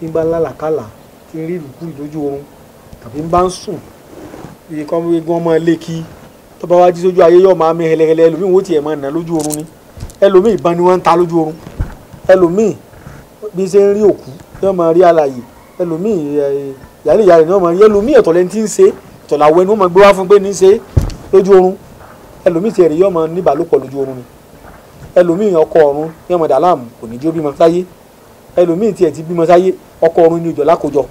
tí ń bá lálàkàlà tí ń rí ìlúkúrì lójú oorun tàbí ń bá ń sùn iye kan wí gan ọmọ ilé kí tó bá wá jí sójú ayé yóò máa mí hẹlẹhẹlẹ ẹlòmíì wọ́n tiẹ̀ máa nà lójú oorun ni ẹlòmíì ìbọn ni wọ́n ń ta lójú oorun ẹlòmíì bí ṣe ń rí òkú yóò máa rí alàyè ẹlòmíì ìyáálé ìyá rẹ̀ ni wọ́n máa rí ẹlòmíì ẹ̀tọ̀ lẹ́ni tí ń ṣe ẹ̀tọ̀ làwọn wọ́n máa gbé wá fún pé ní ṣe lójú oorun ẹlòmíì tiẹ̀ rí yóò máa níbàlòpọ̀ lójú oorun ni ẹlòmíì ọkọ ọ̀run yóò máa dà láàmú kò ní jó bímọ láyé ẹlòmíì tiẹ̀ ti bímọ sáyé ọkọ ọ̀run ni òjò lákòjọ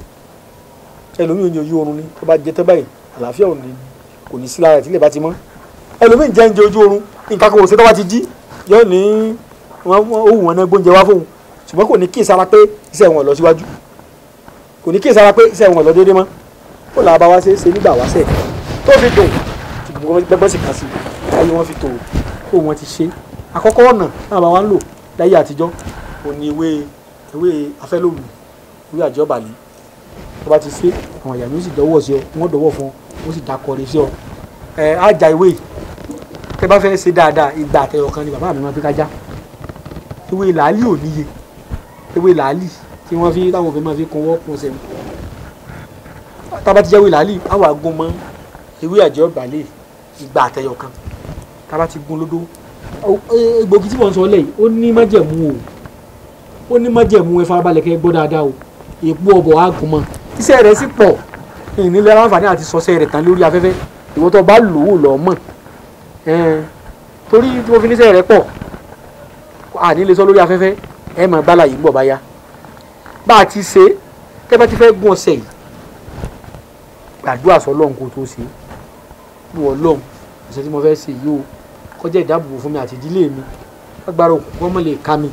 ẹlòmíì ni òyì ọ̀run ni tó bá jẹ tẹ́ báyìí àlàáfíà ò ní kò ní sí lára ìtìlẹ̀ bá ti mọ́ ẹlòmíì jẹ́ oúnjẹ ojú ọ̀run nǹkan kan ò sí tó bá ti jí yóò ní òun wọn náà gbóúnjẹ wá fóun ṣùgbọ́n kò ní kí ìsara pé iṣẹ́ wọn lọ síwájú kò ní kí ìsara pé iṣẹ́ wọn lọ déédéé mọ́ kó làá bá wá ṣe é ṣe nígbà wáṣẹ̀ tó fi dùn ṣùgbọ́n ewé afẹ́lómi ewé àjọbalẹ̀ tó bá ti ṣe àwọn ìyàmí ó sì dọwọ́ sí ọ wọ́n dọwọ́ fún ọ ó sì dakọ̀rẹ́ sí ọ ẹ ájà ewé tẹ bá fẹ́ ṣe dáadáa ìgbà àtẹ̀yọ̀ kan ni bàbá mi máa fi kájá ewé làálì ò níye ewé làálì tí wọ́n fi táwọn òfin máa fi kún wọ́pọ̀ sẹ́mu tába ti làálì àwọn àgùn mọ́ ewé àjọbalẹ̀ ìgbà àtẹ̀yọ̀ kan tába ti e, egbògi tí wọ́n sọ lẹ́yìn ó ní májẹ̀mú o ó ní májẹ̀mú ẹ farabalẹ̀ kẹ́ gbọ́ dáadáa o èpo ọ̀bọ̀ àgùn mọ́ iṣẹ́ rẹ̀ sì pọ̀ ìnílẹ̀ láǹfààní àti sọ́sẹ́ rẹ̀ tán lórí afẹ́fẹ́ ìwọ tó bá lò ó lọ́ mọ̀ torí tí mo fi níṣẹ́ rẹ̀ pọ̀ àní lè sọ lórí afẹ́fẹ́ ẹ máa gbá láàyè ń bọ̀ báyá bá a ti ṣe tẹ́ bá ti fẹ́ gún ọ̀sẹ̀ yìí gbàdúrà sọ lọ́hùn kó tó ṣe wọ̀ lọ́hùn ọ̀sẹ̀ tí mo fẹ́ ṣe yìí o kọjá ìdáàbòbò fún mi àti ìdílé mi agbára òkùnkùn ọmọ lè ká mi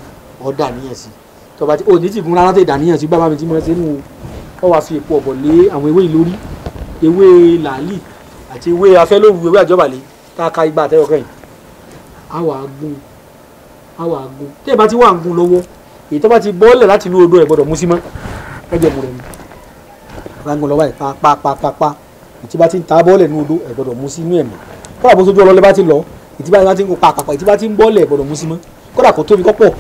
ọ̀dà níyẹn sí i tọba tí òní ti gun rárá tẹ ìdàníyàn sí bàbá mi ti mọ ẹsẹ nù ọ wá fi èpo ọ̀bọ̀ lé àwọn ewé ìlórí ewé làálì àti ewé afẹ́lówu ewé àjọbalẹ̀ tá a ka igba àtẹ́wọ́ kẹ́yìn a wà á gun a wà á gun tí ẹ bá ti wà á gun lọ́wọ́ èyí tó bá ti bọ́ọ̀lẹ̀ láti inú odò ẹ̀ gbọ́dọ̀ mú sí mọ́ ẹgbẹ́ mu rẹ̀ ni a gun lọ́wọ́ ẹ̀ pàápàápàápàá ìtí bá ti ń ta bọ́ọ̀lẹ̀ inú odò ẹ̀ gbọ́dọ̀ mú sí inú ẹ̀ mọ́ kọ́dà bó sojú ọlọ́lẹ́ bá ti lọ ìtí bá ti ń gun pàápàá ìtí bá ti ń bọ́ọ̀lẹ̀ ẹ̀ gbọ́dọ̀ mú sí mọ́ kọ́dà kó tóbi kọ́pọ̀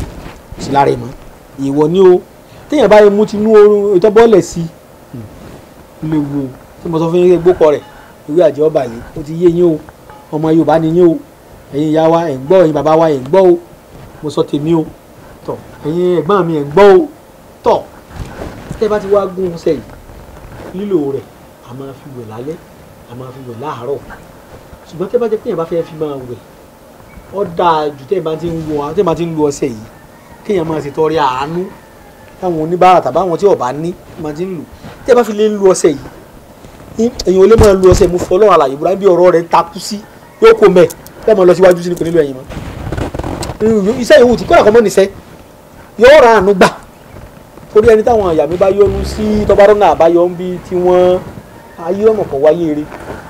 sí lára ẹ̀ mọ́ ìwọ ni o téèyàn bá yẹ mú tinú oorun ètò bọ́ọ̀lẹ̀ sí i lè wo tí mo sọ fún yín gbókọ rẹ̀ ìwé àjẹ́ ọba yìí ó ti yé yín o ọmọ Yorùbá ni yín o ẹ̀yin ìyá wa ẹ̀ ń gbọ́ ẹ̀yin bàbá wa ẹ̀ ń gbọ́ o mo sọ tèmi o tọ̀ ẹ̀yin ẹ̀gbọ́n mi ẹ̀ ń gbọ́ o tọ̀ tẹ́ bá ti wá gún un sẹ́yìn lílò rẹ̀ a máa fi wẹ̀ lálẹ́ a máa fi wẹ̀ láàárọ̀ ṣùgbọ́n tẹ́ bá jẹ́ pé èèyàn bá fẹ́ fi máa wẹ̀ ó dáa jù tẹ́ bá ti ń wọ tẹ́ bá ti ń lo ọṣẹ yìí kéèyàn máa ṣe tọrẹ àánú táwọn oníbàárà tàbá àwọn tí ọba ní máa ti ń lò tí ẹ bá fi lè lu ọṣẹ yìí èyàn ò lè máa lu ọṣẹ mo fọ Ọlọ́run àlàyé bùrọ níbi ọ̀rọ̀ rẹ̀ ń takú sí yóò kó mẹ ẹ máa lọ síwájú sí ni kò nílò ẹ̀yìn mọ́ iṣẹ́ ìwù tí kọ́nà kan mọ́ níṣẹ́ yóò ra àánú gbà torí ẹni táwọn àyà mi bá yọnu sí tọ́bárọ́nà àbáyọ ń bí tí wọ́n ayé ọ̀nà kan wáyé rẹ̀